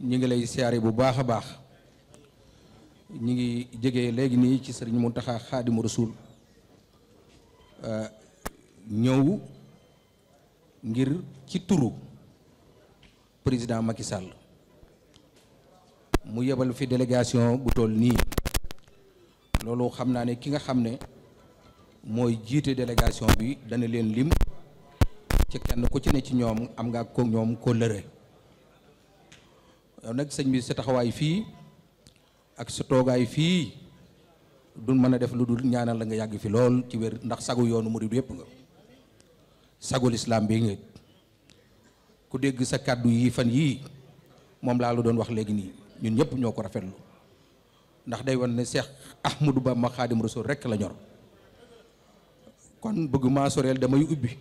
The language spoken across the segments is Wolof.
ñu ngi lay siyaare bu baax a baax ñu ngi jege léegi nii ci sëriñ Muntaxa Xaadimu Rasuul euh, ñëw ngir ci turu président Macky mu yebal fi délégation bu toll nii loolu xam naa ne ki nga xam ne mooy jiite délégation bi dana leen lim ci kenn ku ci ne ci ñoom am nga ko ñoom ko lëre yow nag bi sa taxawaay fii ak sa toogaay fii du mën a def lu dul ñaanal la nga yàgg fi lool ci wér ndax sagu yoonu murid yépp nga sagul islam bi nga ku dégg sa kàddu yii fan yii moom laa lu doon wax léegi nii ñun ñëpp ñoo ko rafetlu ndax day wan ne Cheikh Ahmadou Bamba Xaadim Rasul rekk la ñor kon bëgg maa soreel damay ubbi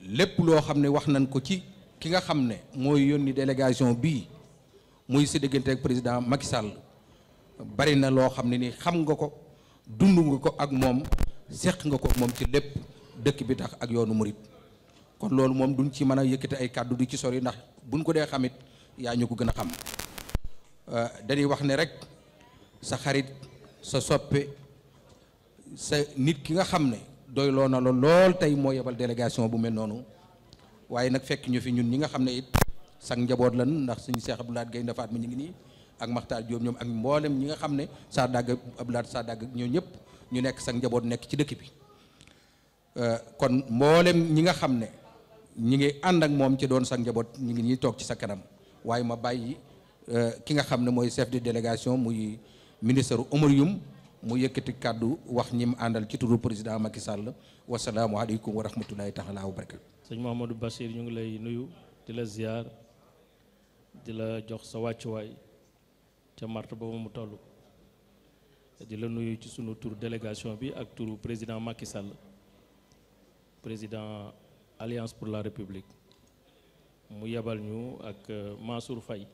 lépp loo xam ne wax nañ ko ci ki nga xam ne mooy yónni délégation bii muy si diggante ak président Macky Sall bari na loo xam ne ni xam nga ko dund nga ko ak moom seq nga ko moom ci lépp dëkk bi tax ak yoonu murit kon loolu moom duñ ci mën a yëkkati ay kàddu di ci sori ndax buñ ko dee xamit yaa ñu ko gën a xam euh, dañuy wax ne rek sa xarit sa soppe sa nit ki nga xam ne doyloo na la lool tey moo yebal délégation bu mel noonu waaye nag fekk ñu fi ñun ñi nga xam ne it sax njaboot lan ndax suñu Seex Abdou Lahad Gaynde Defaat ma ñu ngi nii ak Maxtaar Jóob ñoom ak mboolem ñi nga xam ne saa dàgg Abdou saa dàgg ñoo ñëpp ñu nekk sax njaboot nekk ci dëkk bi euh, kon mboolem ñi nga xam ne ñi ngi ànd ak moom ci doon sax njaboot ñu ngi ñuy toog ci sa kanam waaye ma bàyyi euh, ki nga xam ne mooy chef de délégation muy ministre Oumar Youm mu yëkkati kàddu wax ñi mu àndal ci turu président Macky Sall wasalaamualeykum wa rahmatulahi taala wa barakatu sëñ Mouhamadou Bachir ñu ngi lay nuyu di la ziar di la jox sa wàccuwaay ca mart ba mu toll di la nuyu ci sunu tur délégation bi ak turu président Macky Sall président Alliance pour la République mu yebal ñu ak euh, Mansour fay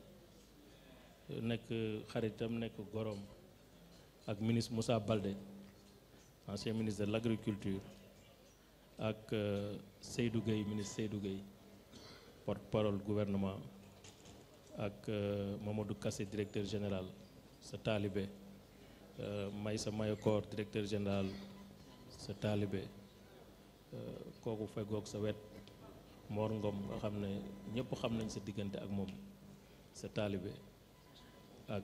nekk xaritam nekk gorom ak ministre Moussa Baldé ancien ministre de l'agriculture ak euh, Seydou Gueye ministre Seydou Gueye porte-parole gouvernement ak euh, du Kassé directeur général sa taalibe euh, Maysa Mayokor directeur général sa taalibe kooku fegoog sa wet Mor Ngom nga xam ne ñëpp xam nañ sa diggante ak moom sa taalibe ak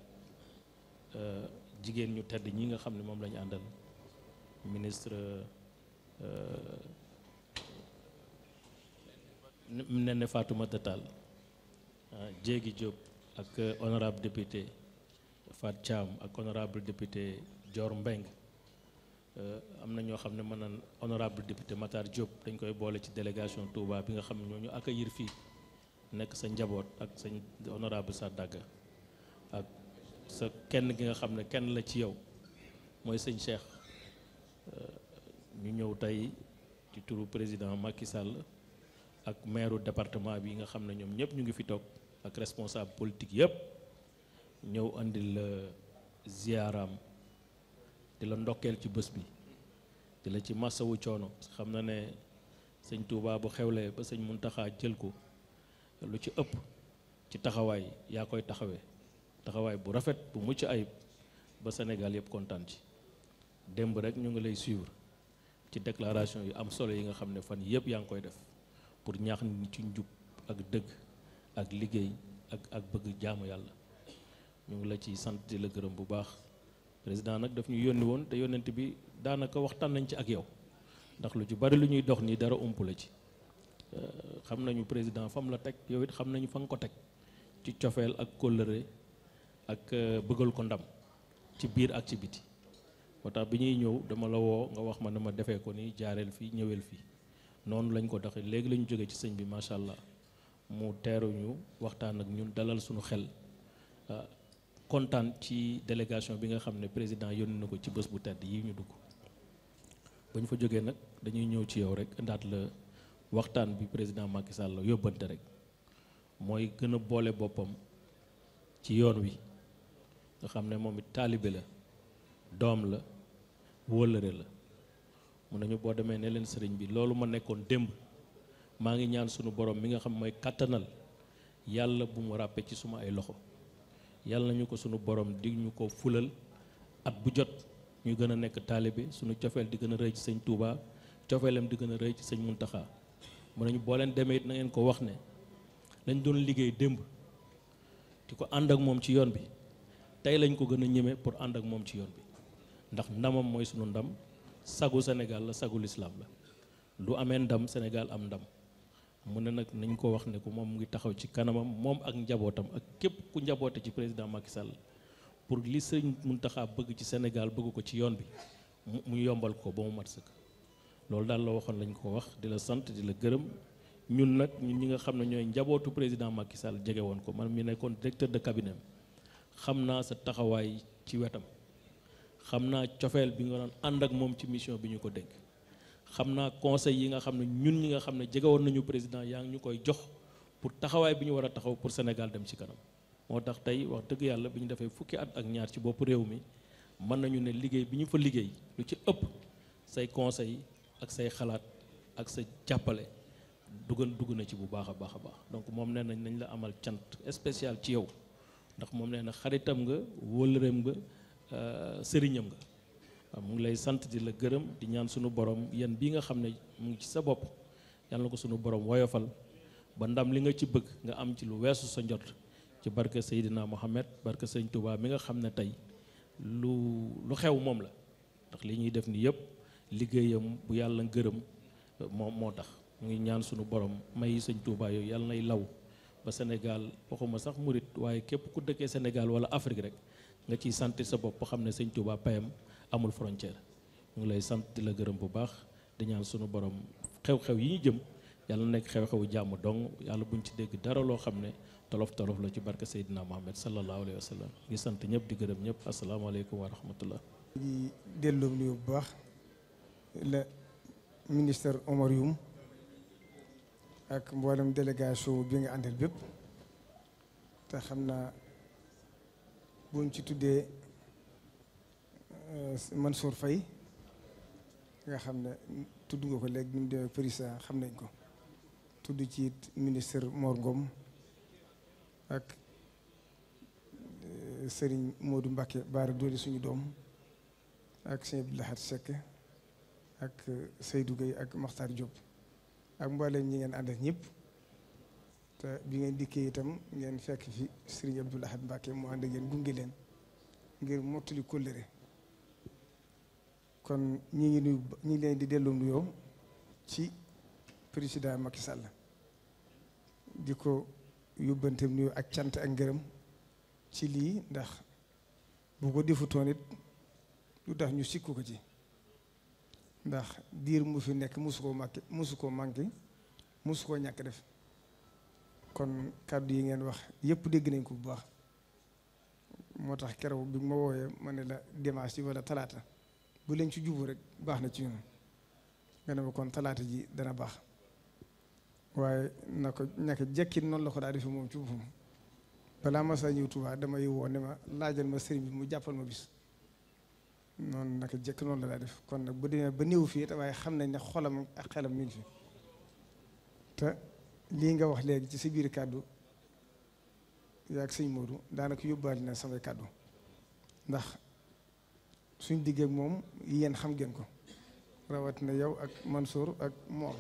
jigéen ñu tedd ñi nga xam ne moom lañu ñu àndal ministre Néné Fatoumata Tall Jéegi ah, Diop ak euh, honorable député Fat Thiam ak honorable député Dior Mbeng euh, am na ñoo xam ne mën naan honorable député Matar Diop dañ koy boole ci délégation Touba bi nga xam ne ñoo ñu accueillir fii nekk sa njaboot ak sa honorable Sadaga ak sa kenn gi nga xam ne kenn la ci yow mooy sëñ Cheikh euh, ñu ñëw tey ci turu président Macky Sall ak maire département bi nga xam ne ñoom ñëpp ñu ngi fi toog ak responsable politique yëpp ñëw andi la ziaram di la ndokkeel ci bés bi di la ci massawu coono xam na ne sëñ Touba bu xewlee ba sëñ Muntaxa jël ko lu ci ëpp ci taxawaay yaa koy taxawee taxawaay bu rafet bu mucc ayib ba Sénégal yëpp kontaan ci démb rek ñu ngi lay suivre ci déclaration yu am solo yi nga xam ne fan yëpp yaa ngi koy def pour ñaax nit ci njub ak dëgg ak liggéey ak ak bëgg jaamu yàlla ñu ngi la ci sant di la gërëm bu baax président nag daf ñu yónni woon te yónnent bi daanaka waxtaan nañ ci ak yow ndax lu ju bari lu ñuy dox nii dara ump la ci euh, xam nañu président fam la teg yow it xam nañu fa nga ko teg ci cofeel ak kóllëre ak euh, bëggal ko ndam ci biir ak ci biti moo tax bi ñuy ñëw dama la woo nga wax ma ne ma defee ko nii jaareel fii ñëweel fii noonu lañ ko doxee léegi la ñu jógee ci sëñ bi macha allah mu teeru ñu waxtaan ak ñu dalal suñu xel ah, kontaan ci délégation bi nga xam ne président yónni na ko ci bés bu tedd yi ñu dugg ba ñu fa jógee nag dañuy ñëw ci yow rek ndaat la waxtaan bi président Macky Sall yóbbante rek mooy gën a boole boppam ci yoon wi nga xam ne moom it taalibe la doom la wóllëre la mun nañu boo demee ne leen sëriñ bi loolu ma nekkoon démb maa ngi ñaan sunu borom mi nga xam mooy kàttanal yàlla bu mu ràppe ci suma ay loxo yàlla nañu ko sunu borom di ñu ko fulal at bu jot ñu gën a nekk taalibe sunu cofeel di gën a rëy ci sañ Touba cofeelam di gën a rëy ci sëñ Muntaxa mun nañu boo leen demee it na ko wax ne lañ doon liggéey démb di ko ànd ak moom ci yoon bi tey lañ ko gën a ñeme pour ànd ak moom ci yoon bi ndax ndamam mooy sunu ndam sagu Sénégal la sagu lislaam la lu amee ndam Sénégal am ndam mu ne nag nañ ko wax ne ko moom mu ngi taxaw ci kanamam moom ak njabootam ak képp ku njaboote ci président Macky Sall pour li sëñ Mountakha bëgg ci Sénégal bëgg ko ci yoon bi mu yombal ko ba mu mat sëkk loolu daal la waxoon lañ ko wax di la sant di la gërëm ñun nag ñun ñi nga xam ne ñooy njabootu président Macky Sall jege woon ko man mi nekkoon directeur de cabinet xam naa sa taxawaay ci wetam xam naa cofeel bi nga doon ànd ak moom ci mission bi ñu ko dénk xam naa conseil yi nga xam ne ñun ñi nga xam ne jege woon nañu président yaa ngi ñu koy jox pour taxawaay bi ñu war a taxaw pour Sénégal dem ci kanam moo tax tey wax dëgg yàlla bi ñu defee fukki at ak ñaar ci bopp réew mi mën nañu ne liggéey bi ñu fa liggéey lu ci ëpp say conseil ak say xalaat ak sa jàppale dugan dugg na ci bu baax a baax a baax donc moom nee nañ nañ la amal cant spécial ci yow ndax moom Euh, sëriñam nga waaw mu ngi lay sant di la gërëm di ñaan sunu borom yan bii nga xam ne mu ngi ci sa bopp yal na ko sunu borom woyofal ba ndam li nga ci bëgg nga am ci lu weesu sa njot ci barke Seydina Mohamed barke Sëñ Touba mi nga xam ne tey lu lu xew moom la ndax li ñuy def nii yëpp liggéeyam bu yàlla gërëm euh, moom moo tax mu ngi ñaan sunu borom may Sëñ Touba yooyu yàlla nay law ba Sénégal waxuma sax murit waaye képp ku dëkkee Sénégal wala Afrique rek nga ciy sant sa bopp xam ne sëñ Touba payam amul frontière mu ngi lay sant di la gërëm bu baax di ñaan sunu borom xew-xew yi ñu jëm yàlla nekk xew-xewu jàmm dong yàlla buñ ci dégg dara loo xam ne tolof tolof la ci barke Seydina Mohamed sallallahu alayhi wa ngi sant ñëpp di gërëm ñëpp asalaamaaleykum wa rahmatullah di delloo nuyu bu baax la ministre Omar Youm ak mboolem délégation bi nga àndal bépp te xam naa buñ ci tuddee euh, Mansour Faye nga xam ne tudd nga ko léegi ni mu demee xam nañ ko tudd ci it ministre Mor Ngom ak euh, Serigne Modou Mbacké Baara Dooli suñu doom ak sëñ Abdou Lahad ak euh, Seydou Gueye ak Makhtar Diop ak mboolem ñi ngeen ànd ak ñëpp te bi ngeen dikkee itam ngeen fekk fi Serigne Abdoul Ahad Mbacké mu ànd ak yéen gunge leen ngir mottali kóllëre kon ñi ngi nuyu ñi leen di delloo nuyoo ci président Macky Sall di ko yóbbanteem nuyu ak cant ak ngërëm ci lii ndax bu ko defutoon it lu tax ñu sikku ko ci ndax diir mu fi nekk mosu koo manqué mosu koo manqué mosu koo ñàkk def kon kàddu yi ngeen wax yëpp dégg nañ ko bu baax moo tax kerewu bi ma woowee ma ne la dimanche yi walla talaata bu leen ci jubu rek baax na ci ñun nga ne ma kon talaata ji dana baax waaye na ko ñaka jekki noonu la ko daa defee moom ci boppam balaa ma saa ñëw tubaa damay woo ne ma laajal ma sëriñ bi mu jàppal ma bis noonu naka jekk noonu la daa def kon nag bu demee ba néew fii it waaye xam nañ ne xolam ak xelam mi ngi fi te. lii nga wax léegi ci sa biir kàddu yàgg sëñ Modou daanaka yóbbaale na samay kàddu ndax suñ diggeek moom yéen xam ngeen ko rawatina yow ak Mansour ak Mor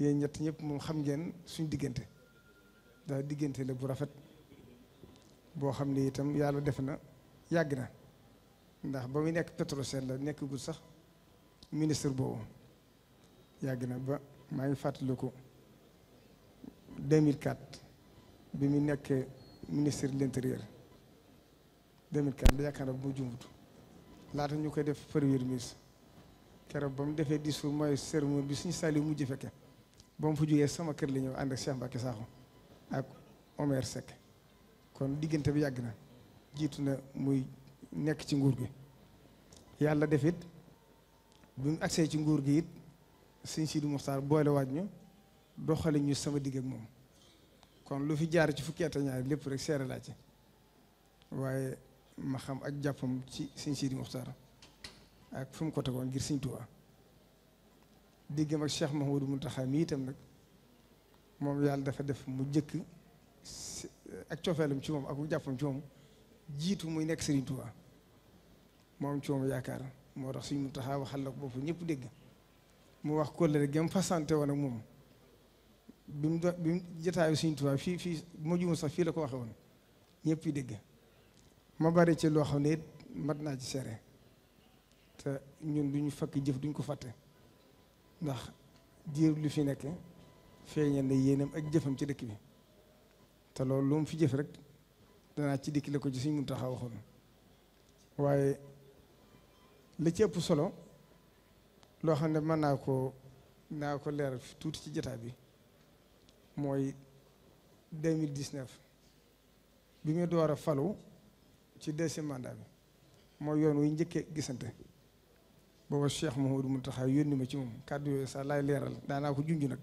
yéen ñett ñëpp moom xam ngeen suñ diggante daa diggante la bu rafet boo xam ne itam yàlla defe na yàgg na ndax ba muy nekk Petrosen nekk nekkagul sax ministre boobu yàgg na ba maa ngi fàttaliku 2004 bi mu nekkee ministre de l'intérieur 2004 da na bu jumut laata ñu koy def premier ministre keroog ba mu defee discours mooy cérémonie bi suñu saali mujj fekke ba mu fa jógee sama kër lañuy ñëw ànd ak Cheikh Mbacké Sakho ak Omer Seck kon diggante bi yàgg na jiitu na muy nekk ci nguur gi yàlla def it bi mu agsee ci nguur gi it sëñ Sidi Moxtaar boole waaj ñu doxali ñu sama digg ak moom kon lu fi jaar ci fukki at ak ñaar lépp rek seere laa ci waaye ma xam ak jàppam ci sëñ Sidi Muxtaar ak fu mu ko ngir sëñ Tuubaa diggam ak Cheikh Mahmoudou Mountakha mi itam nag moom yàlla dafa def mu jëkk ak cofeelam ci moom ak jàppam ci moom jiitu muy nekk sëriñ Tuubaa moom ci moom yaakaar moo tax sëñ Mountakha waxal la ko boobu ñëpp dégg mu wax kóllëre gëm fasante woon ak moom bi mu do bi mu jotaayu fii fii bu ma juumul sax fii la ko waxe woon ñëpp yi dégg ma bari ci loo xam ne it mat naa ci seere te ñun du fakk jëf duñ ko fàtte ndax diir lu fi nekk feeñal na yéenam ak jëfam ci dëkk bi te loolu lu fi jëf rek danaa ci dikk la ko ci Sëriñ Muntaxa waxoon waaye la ci ëpp solo loo xam ne mën naa ko naa ko leer tuuti ci jotaay bi mooy 2019 bi muy door a falu ci deuxième mandat bi mooy yoon wi njëkkee gisante booba Cheikh Mouhamadou Mountakha yónni ma ci moom kàddu yooyu sax laay leeral daanaa ko junj nag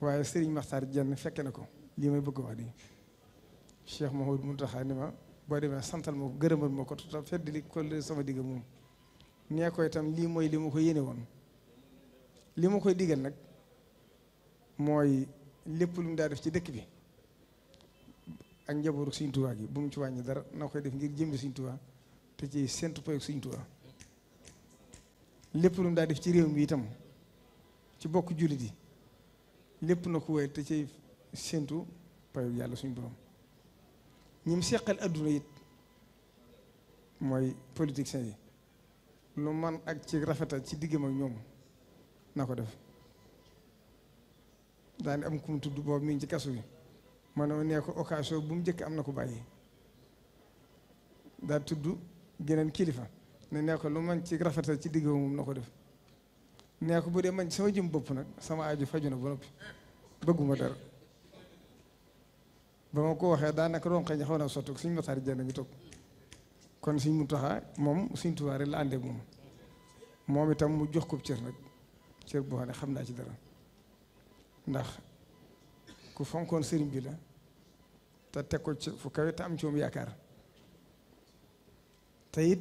waaye Serigne Makhtar Diène fekke na ko lii may bëgg wax nii Cheikh mun Mountakha ni ma boo demee santal ma ko gërëmal ma ko te fedd li ko sama digg moom nee ko itam lii mooy li ma ko yéene woon li ma koy digal nag mooy lépp lu mu daa def ci dëkk bi ak njabootu Sëñ Tuubaa gi bu mu ci wàññi dara na koy def ngir jëmbi Sëñ Tuubaa te ci séntu poy Sëñ Tuubaa lépp lu mu daa def ci réew mi itam ci bokk jullit yi lépp na ko wéy te ci séntu payu yàlla suñu borom ñi seqal adduna it mooy politiciens yi lu man ak ci rafetal ci diggam ak ñoom na ko def daan am ku mu tudd boobu mi ci kaso bi ma ne ma nee ko occasion bu mu njëkk am na ko bàyyi daa tudd geneen kilifa ne nee ko lu man ci rafetal ci digg moom na ko def nee ko bu dee mañ sama jëm bopp nag sama aju faju na ba noppi bëgguma dara ba ma ko waxee daanaka ronqe ñi xaw na sottu suñ mataar jenn ngi toog kon suñ mu taxa moom suñ tubaare la àndee moom moom itam mu jox ko cër nag cër boo xam ne xam naa ci dara ndax ku fonkoon sëriñ bi la te teg ko ci fu kawe te am ci yaakaar te it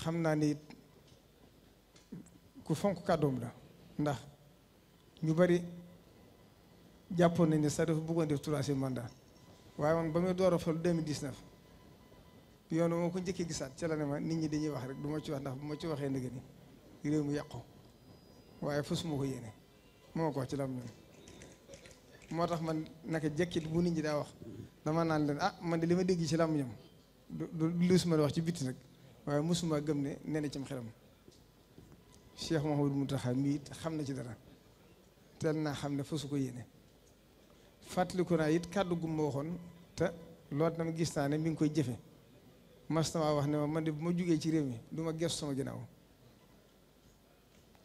xam naa ni it ku fonk kàddoom la ndax ñu bari jàppoon nañ ne sax dafa bëggoon def troisième mandat waaye man ba muy door a fal 2019 yoon moo ko njëkkee gisaat ci la ma nit ñi dañuy wax rek du ma ci wax ndax bu ma ci waxee ndëgg réew mu yàqu waaye fas moo ko yéene moo ko ci lam moo tax man naka jekkit bu nit ñi daa wax dama naan leen ah man de li ma dégg ci lam ñam du lu suma wax ci bitti nag waaye mosuma gëm ne nee na cim xelam Cheikh Mouhamadou Mountakha mii xam na ci dara teel naa xam ne fosu ko yéene fàttaliku naa it kàddu gu ma waxoon te loolu dama gis naa ne mi ngi koy jëfe mas wax ne ma man de bu ma jugee ci réew mi du ma gëstu sama ginnaaw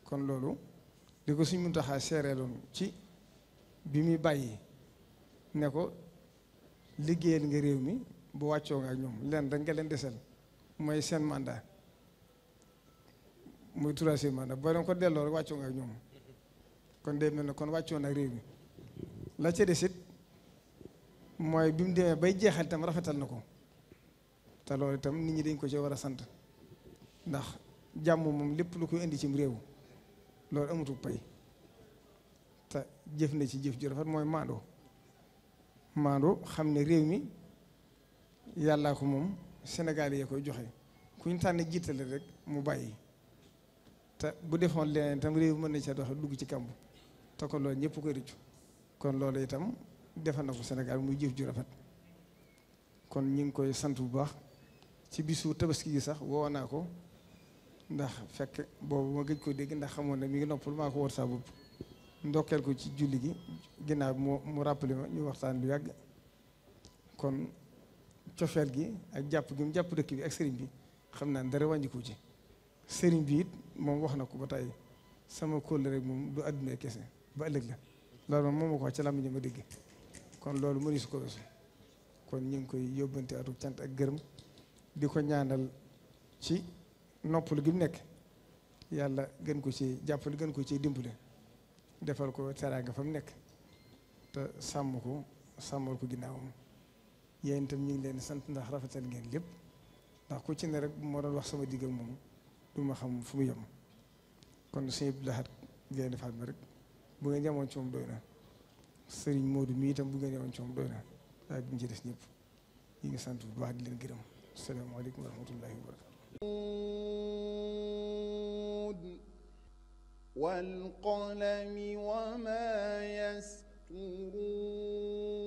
kon loolu li ko suñ Muntaxa seereeloon ci bi muy bàyyi ne ko liggéeyal nga réew mi bu wàccoo nga ak ñoom leen da nga leen desel mooy seen mandat muy troisième mandat boo leen ko delloo rek wàccoo nga ak ñoom kon day mel ne kon wàccoo nag réew mi la ca desit mooy bi mu demee bay jeexal itam rafetal na ko te loolu itam nit ñi dañ ko ci war a sant ndax jàmm moom lépp lu koy indi cim réew loolu amatul pay te jëf na ci jëf ju rafet mooy maandoo maandoo xam ne réew mi yàllaa ko moom Sénégal yee koy joxe ku ñu tànn jiitale rek mu bàyyi te bu defoon leneen tam réew mën na cee doxe dugg ci kàmb te ko loolu ñëpp koy rëccu kon loolu itam defal na ko Sénégal muy jëf ju rafet kon ñu ngi koy sant bu baax ci bisu tabaski gi sax woo naa ko ndax fekk boobu ma gëj koo dégg ndax xamoon ne mi ngi noppal maa ko war saa ndokkeel ko ci julli gi ginnaaw bi mu mu rappelé ma ñu waxtaan lu yàgg kon cofeel gi ak jàpp gi mu jàpp dëkk bi ak sëriñ bi xam naa dara wàññiku ci sëriñ bi it moom wax na ko ba tey sama kóllëre rek moom du àdduna kese ba ëllëg la loolu moom moo ko wax ci làmmiñ ma dégg kon loolu mënu su ko weesu kon ñu ngi koy yóbbante atuk cant ak gërëm di ko ñaanal ci noppalu gi mu nekk yàlla gën ko ci jàppale gën ko ci dimbale defal ko teraanga fa mu nekk te sàmm ko sàmmal ko ginnaawam yéen itam ñu ngi leen sant ndax rafetal ngeen lépp ndax ku ci ne rek moo doon wax sama digg moom du ma xam fu mu yem kon suñu laxat ngeen defaat ma rek bu ngeen yemoon ci moom doy na sëriñ Modou mii tam bu ngeen yemoon ci moom doy na waaye bi ñu ci des ñëpp ñu ngi sant bu baax di leen gërëm salaamaaleykum wa rahmatullahi wa barakatu والقلم وما يسطرون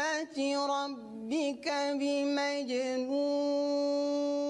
رحمة ربك بمجنون